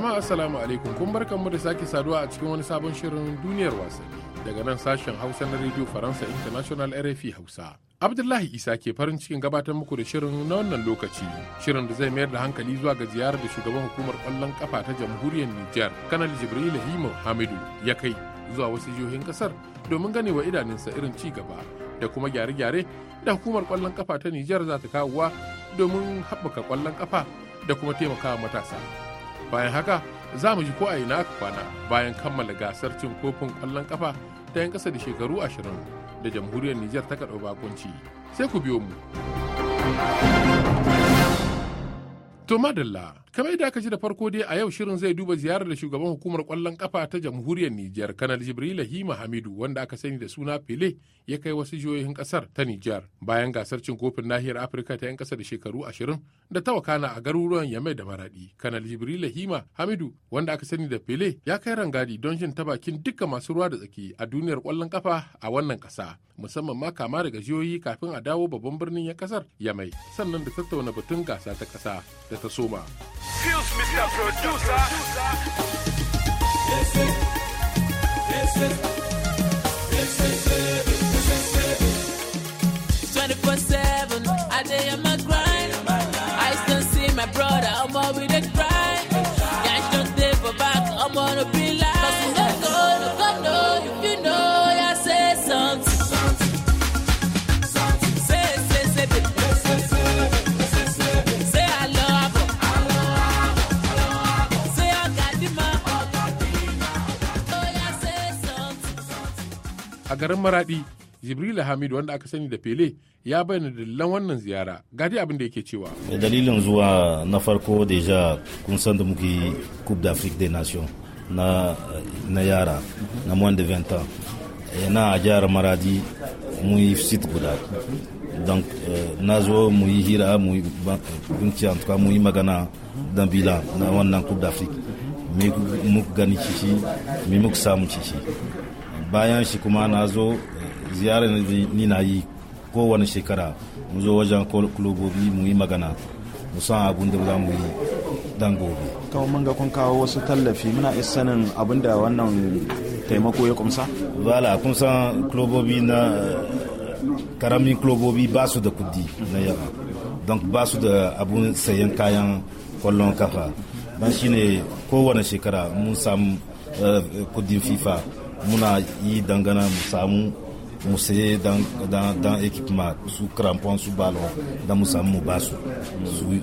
Jama'a Assalamu alaikum kun barkanmu da sake saduwa a cikin wani sabon shirin duniyar wasanni daga nan sashen Hausa na Radio Faransa International RFI Hausa. Abdullahi Isa ke farin cikin gabatar muku da shirin na wannan lokaci. Shirin da zai mayar da hankali zuwa ga ziyarar da shugaban hukumar kwallon kafa ta jamhuriyar Nijar, Kanal Jibril Himo Hamidu ya kai zuwa wasu jihohin kasar domin gane wa idanunsa irin ci gaba da kuma gyare-gyare da hukumar kwallon kafa ta Nijar za ta kawowa domin haɓaka kwallon kafa da kuma taimakawa matasa. bayan haka za mu ji ko a ina aka kwana bayan kammala gasar cin kofin kwallon kafa ta 'yan ƙasa da shekaru ashirin da jamhuriyar nijar ta karɓi bakunci sai ku biyo mu to madalla kamar yadda aka ji da farko dai a yau shirin zai duba ziyarar da shugaban hukumar kwallon kafa ta jamhuriyar Nijar kanal Jibrila Hima Hamidu wanda aka sani da suna Pele ya kai wasu jihohin kasar ta Nijar bayan gasar cin kofin nahiyar Afirka ta 'yan kasa da shekaru 20 da ta wakana a garuruwan Yamai da Maradi. Kanal Jibrila Hima Hamidu wanda aka sani da Pele ya kai rangadi don jin ta bakin dukkan masu ruwa da tsaki a duniyar kwallon kafa a wannan kasa musamman ma kama daga jihohi kafin a dawo babban birnin ya kasar Yamai sannan da tattauna batun gasa ta kasa da ta soma. me, Mr. Producer. This is, this is, this is seven, this is 24 7, I day on my grind. I still see my brother, I'm all with it. a garin Maradi, Jibrila Hamidu wanda aka sani da Pele ya bayyana dalilan wannan ziyara gadi abin da yake cewa. Dalilin zuwa na farko deja kun san da muke Coupe d'Afrique des Nations na, na yara na moins de 20 ans. Yana eh, a jihar Maradi mun yi sit guda. donc eh, na zo mu yi hira mu yi binci an mu yi magana dan bila na wannan coupe d'afrique mi mu gani cici mi muka samu cici bayan shi kuma na zo eh, ziyarar ni na yi kowane shekara mu zo wajen kulobobi mu yi magana mu san abin da za mu yi dan gobe kawo mun ga kun kawo wasu tallafi muna iya sanin abin da wannan taimako ya kumsa wala kun san kulobobi na karamin kulobobi ba su da kudi na yawa don ba su da abun sayan kayan kwallon kafa don shine kowane shekara mun samu eh, kudin fifa muna yi dangana mu samu musu yi dan ekipma su crampon su balo da mu samu basu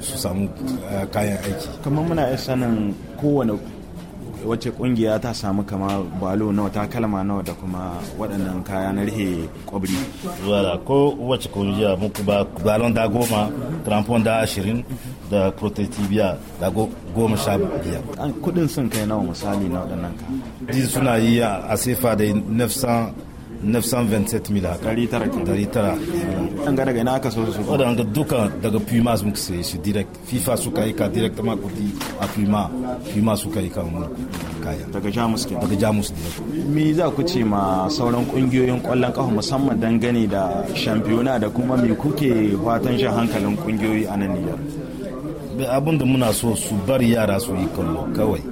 su samu eh, kayan aiki kamar muna iya sanin kowane wacce kungiya ta samu kama balo nawa ta kalma nawa da kuma waɗannan kaya na rihe kwabri wala ko wacce kungiya muku ba balon da goma trampon da ashirin da protetibiya da goma sha biyar An kudin sun kai nawa misali na waɗannan ka di suna yi a sefa da 927 mil haka 900 an ga daga ina aka so su wadanda duka daga puma sun saye shi direct fifa ka yi ka direct ma kudi a puma puma ka yi ka mu kaya daga jamus ke daga jamus ne me za ku ce ma sauran kungiyoyin kwallon kafa musamman dangane da shampiyona da kuma me kuke fatan shi hankalin kungiyoyi a nan Nijar abin da muna so su bar yara su yi kallo kawai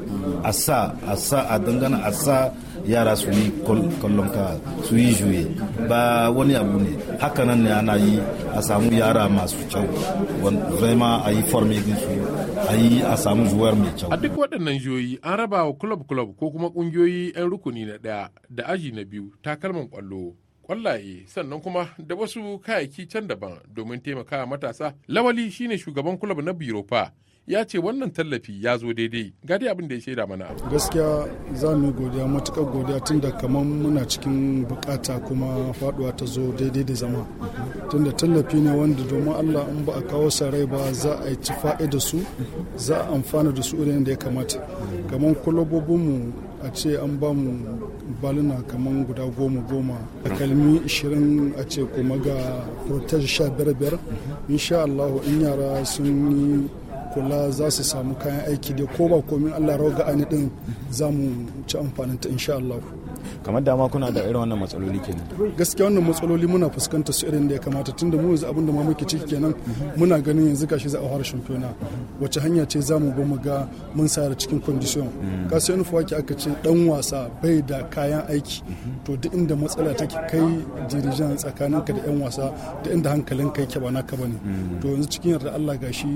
a sa a sa a dangana a sa yara su yi kallon ka su yi juye ba wani abu ne haka nan ne ana yi a samu yara masu kyau vraiment a yi forme su a yi a samu zuwar mai kyau a duk waɗannan jihohi an raba wa kulob club ko kuma ƙungiyoyi 'yan rukuni na ɗaya da aji na biyu takalman ƙwallo kwallaye sannan kuma da wasu kayayyaki can daban domin taimaka matasa lawali shine shugaban club na biropa ya ce wannan tallafi ya zo daidai ga dai abin da ya shaida mana gaskiya za mu godiya matukar godiya tun da kamar muna cikin bukata kuma faduwa ta zo daidai da zama tun da tallafi ne wanda domin allah in ba a kawo sarai ba za a yi fa'i da su za a amfana da su irin da ya kamata kamar kulobobinmu a ce an ba mu baluna kamar guda goma goma kalmi 20 a ce kuma ga protege sha biyar biyar insha allahu in yara sun yi kula za su samu kayan aiki da ko ba komin Allah rauga ga ani din za mu ci amfanin ta insha Allah kamar dama kuna da irin wannan matsaloli kenan gaskiya wannan matsaloli muna fuskanta su irin da ya kamata tunda mu yanzu abin da ma muke ciki kenan muna ganin yanzu gashi za a fara shampiyona wace hanya ce za mu mu ga mun sayar cikin condition mm. kasu yan fuwaki aka ce dan wasa bai da kayan aiki to duk inda matsala take kai dirijan tsakaninka da yan wasa da inda hankalin kai ke ba naka bane mm. to yanzu cikin yarda Allah gashi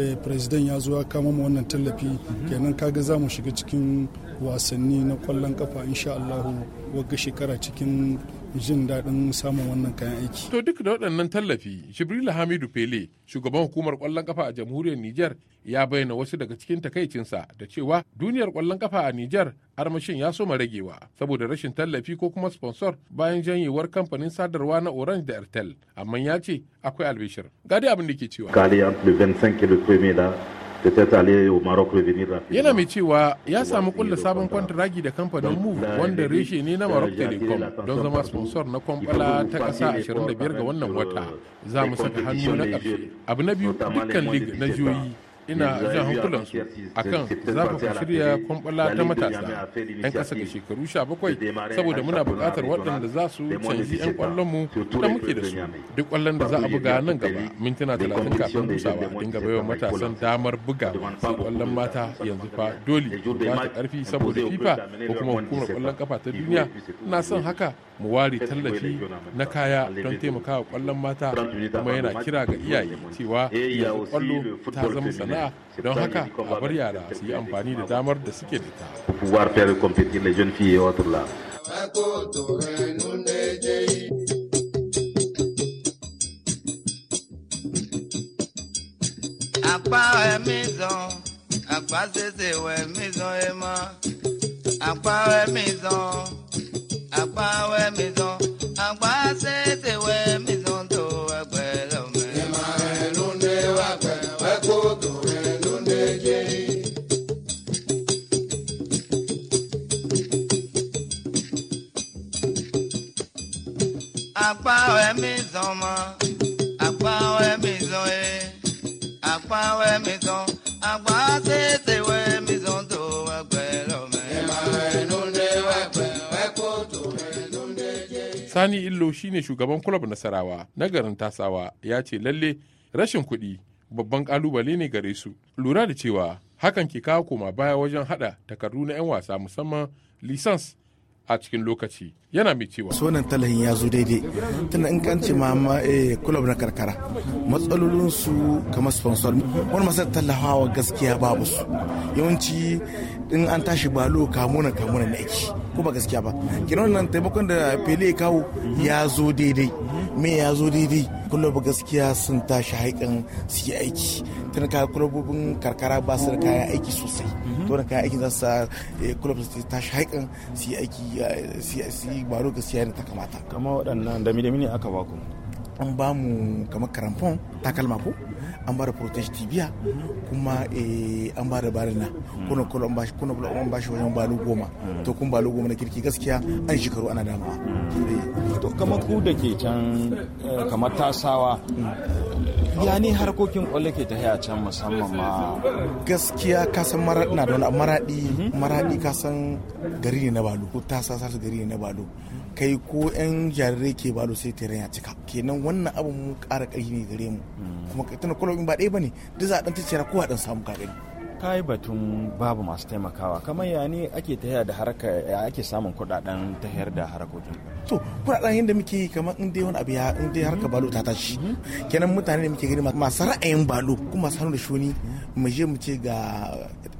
eh, president ya zo ya kama mu wannan tallafi kenan kaga za mu shiga cikin wasanni na kwallon kafa insha Allahu wagga shekara cikin jin daɗin samun wannan kayan aiki. To duk da waɗannan tallafi, jibril Hamidu Pele, shugaban hukumar ƙwallon kafa a jamhuriyar Nijar, ya bayyana wasu daga cikin takaicinsa da cewa duniyar ƙwallon kafa a Nijar armashin ya soma ragewa saboda rashin tallafi ko kuma sponsor bayan janyewar kamfanin sadarwa na Orange da Airtel, amma ya ce akwai albishir. Gadi abin da ke cewa. da ta yau yana mai cewa ya samu ƙulla sabon kwantiragi da kamfanin mu wanda reshe ne na maroc telecom don zama sponsor na kwamfala ta kasa 25 ga wannan wata za mu saka hannu na ƙarshe abu na biyu dukkan lig na juyi. ina a kan za ku shirya kwamfala ta matasa 'yan ƙasa da shekaru 17 saboda muna buƙatar waɗanda za su canji 'yan kwallon mu. da muke da su duk kwallon da za a buga nan gaba mintuna 30 kafin busawa dinga baiwa matasan damar buga su ƙwallon mata yanzu fa dole ba ta ƙarfi saboda fifa ko kuma hukumar kwallon kafa ta duniya na son haka mu ware tallafi na kaya don taimakawa ƙwallon mata kuma yana kira ga iyaye cewa yanzu ƙwallo ta zama sana'a sana'a don haka a bar yara su yi amfani da damar da suke da ta. Pouvoir faire compétir fiye jeunes filles Apa autres mizon, Apa maison, apa c'est mizon et ma. Apa mizon, Sani Illo shine shugaban kulab Nasarawa na garin Tasawa ya ce lalle rashin kuɗi babban kalubale ne gare su lura da cewa hakan ke kawo koma baya wajen haɗa takardu na 'yan wasa musamman lisans a cikin lokaci yana mai cewa sonan talahin ya zo daidai tunda in kan ma ma kulab eh, na karkara matsalolin su kamar sponsor wani masar tallafawa gaskiya babu su yawanci in an tashi balo kamuna kamuna na aiki ko ba gaskiya ba kinan nan taimakon da fele kawo ya zo daidai me ya zo daidai kulab gaskiya sun tashi haikan su yi aiki tun ka kulabobin karkara ba su da kayan aiki sosai to da kayan aikin za su sa eh, club su tashi haikan su yi aiki su yi baro ga siya ta kamata kama waɗannan da mini aka baku an ba mu kamar karamfon takalma ko an ba da protege tibia kuma eh, an ba da barina kuna kuna an ba shi kuna an ba shi wajen balu goma to kun balu goma na kirki gaskiya an shekaru ana dama to kama ku da ke can eh, kamar tasawa ya harkokin kwallo ke ta haya can musamman ma gaskiya kasan maraɗi na da wani maradi mhm. kasan gari ne na balo ko ta sasa gari ne na balo kai ko yan jarirai ke balo sai teren ya cika kenan wannan abin mu ƙara ƙarfi ne gare mu mm. kuma tana kwallo ba ɗaya ba ne duk za a ɗan ta ko a ɗan samu kaɗani ka batun babu masu taimakawa kamar ya ne ake taaya da harka ya ake samun kuɗaɗen tayar da harakokin. to kuɗaɗen yadda muke yi kamar in wani abu ya in dai harka balo ta tashi kenan mutane da muke gani masu ra'ayin balo kuma masu hannu da shuni mu je mu ce ga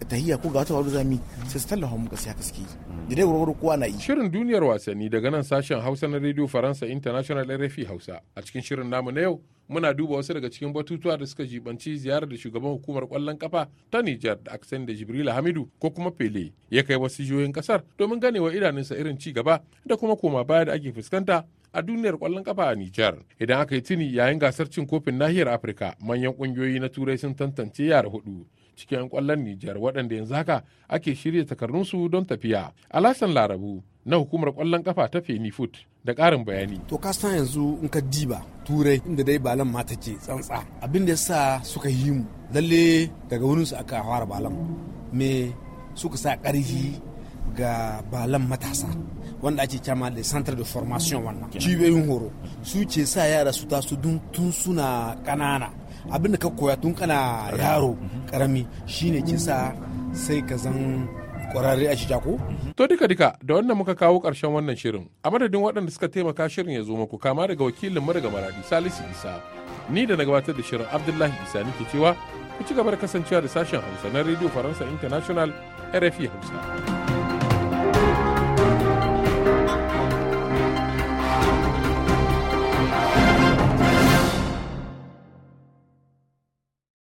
tahiya ko ga wata zami sai su tallafa mu gaskiya gaske da dai kowa na yi shirin duniyar wasanni daga nan sashen Hausa na rediyo Faransa International RFI Hausa a cikin shirin namu na yau muna duba wasu daga cikin batutuwa da suka jibanci ziyarar da shugaban hukumar kwallon kafa ta Nijar da aka da Jibrila Hamidu ko kuma Pele ya kai wasu jihohin kasar domin ganewa idanunsa irin ci gaba da kuma koma baya da ake fuskanta a duniyar kwallon kafa a Nijar. Idan aka yi tuni yayin gasar cin kofin nahiyar Afirka manyan kungiyoyi na Turai sun tantance yara hudu cikin 'yan kwallon Nijar waɗanda yanzu haka ake shirya takardunsu don tafiya. Alasan Larabu na hukumar kwallon kafa ta Feni Foot da ƙarin bayani. To ka san yanzu in ka diba turai inda dai balan ma take tsantsa abin da yasa suka yi mu lalle daga wurin su aka fara balan me suka sa ƙarfi ga balan matasa wanda ake kyama da centre de formation mm. wannan cibiyoyin horo su ce sa yara su taso tun suna kanana abin da ka koya tun kana yaro karami mm-hmm. shine ke sa sai ka zan kwararre a shijako. Mm-hmm. to duka duka da wannan muka kawo karshen wannan shirin a madadin waɗanda suka taimaka shirin ya zo muku kama daga wakilin mu maradi salisu isa ni da na gabatar da shirin abdullahi isa nake cewa ku ci gaba da kasancewa da sashen hausa na radio faransa international rfi hausa